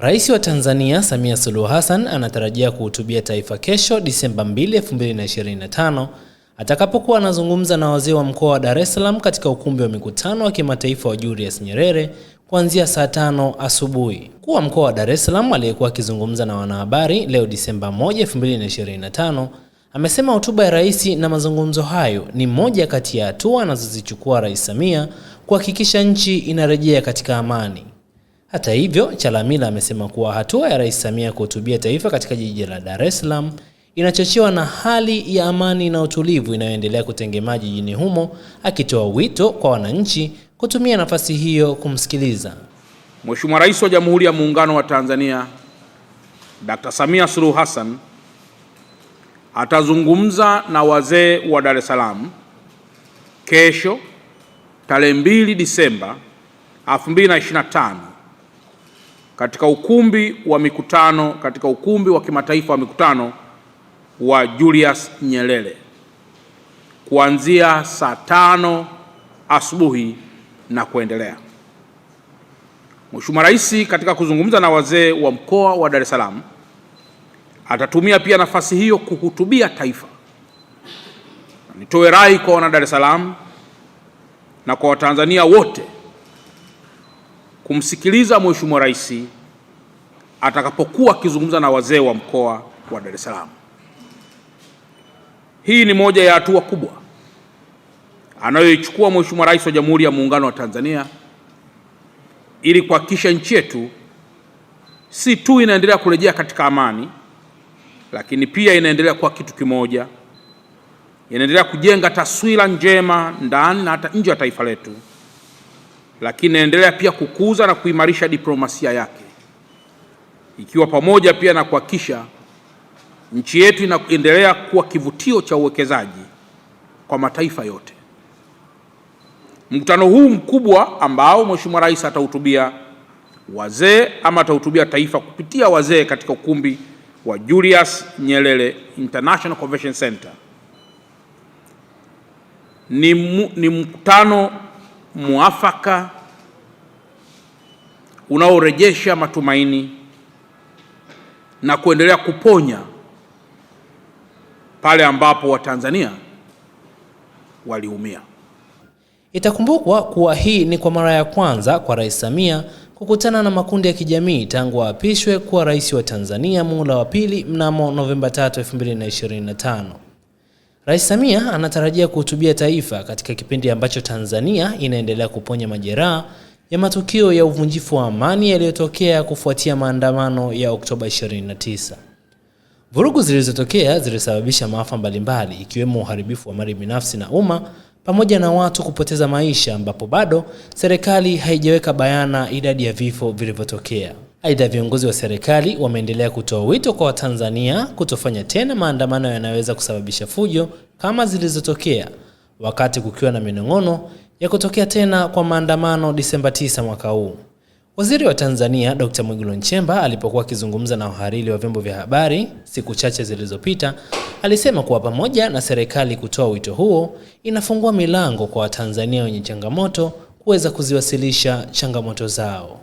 Rais wa Tanzania Samia Suluhu Hassan anatarajia kuhutubia taifa kesho Disemba 2, 2025 atakapokuwa anazungumza na wazee wa mkoa wa Dar es Salaam katika ukumbi wa mikutano wa kimataifa wa Julius Nyerere kuanzia saa tano asubuhi. Mkuu wa mkoa wa Dar es Salaam aliyekuwa akizungumza na wanahabari leo Disemba 1, 2025 amesema hotuba ya rais na mazungumzo hayo ni moja kati ya hatua anazozichukua Rais Samia kuhakikisha nchi inarejea katika amani. Hata hivyo, Chalamila amesema kuwa hatua ya Rais Samia kuhutubia taifa katika jiji la Dar es Salaam inachochewa na hali ya amani na utulivu inayoendelea kutengemaa jijini humo, akitoa wito kwa wananchi kutumia nafasi hiyo kumsikiliza Mheshimiwa Rais wa Jamhuri ya Muungano wa Tanzania Dr. Samia Suluhu Hassan atazungumza na wazee wa Dar es Salaam kesho tarehe 2 Disemba 2025 katika ukumbi wa mikutano katika ukumbi wa kimataifa wa mikutano wa Julius Nyerere kuanzia saa tano asubuhi na kuendelea. Mheshimiwa Rais katika kuzungumza na wazee wa mkoa wa Dar es Salaam atatumia pia nafasi hiyo kuhutubia taifa. Nitoe rai kwa wana Dar es Salaam na kwa Watanzania wote kumsikiliza Mheshimiwa Rais atakapokuwa akizungumza na wazee wa mkoa wa Dar es Salaam. Hii ni moja ya hatua kubwa anayoichukua Mheshimiwa Rais wa Jamhuri ya Muungano wa Tanzania ili kuhakikisha nchi yetu si tu inaendelea kurejea katika amani, lakini pia inaendelea kuwa kitu kimoja, inaendelea kujenga taswira njema ndani na hata nje ya taifa letu lakini inaendelea pia kukuza na kuimarisha diplomasia yake ikiwa pamoja pia na kuhakikisha nchi yetu inaendelea kuwa kivutio cha uwekezaji kwa mataifa yote. Mkutano huu mkubwa ambao Mheshimiwa Rais atahutubia wazee ama atahutubia taifa kupitia wazee katika ukumbi wa Julius Nyerere International Convention Center ni, mu, ni mkutano muafaka unaorejesha matumaini na kuendelea kuponya pale ambapo Watanzania waliumia. Itakumbukwa kuwa hii ni kwa mara ya kwanza kwa Rais Samia kukutana na makundi ya kijamii tangu aapishwe kuwa rais wa Tanzania muhula wa pili mnamo Novemba 3, 2025. Rais Samia anatarajia kuhutubia taifa katika kipindi ambacho Tanzania inaendelea kuponya majeraha ya matukio ya uvunjifu wa amani yaliyotokea kufuatia maandamano ya Oktoba 29. Vurugu zilizotokea zilisababisha maafa mbalimbali ikiwemo uharibifu wa mali binafsi na umma pamoja na watu kupoteza maisha ambapo bado serikali haijaweka bayana idadi ya vifo vilivyotokea. Aidha, viongozi wa serikali wameendelea kutoa wito kwa Watanzania kutofanya tena maandamano yanayoweza kusababisha fujo kama zilizotokea wakati kukiwa na minong'ono ya kutokea tena kwa maandamano Disemba 9 mwaka huu. Waziri wa Tanzania Dr. Mwigulu Nchemba alipokuwa akizungumza na wahariri wa vyombo vya habari siku chache zilizopita, alisema kuwa pamoja na serikali kutoa wito huo, inafungua milango kwa Watanzania wenye changamoto kuweza kuziwasilisha changamoto zao.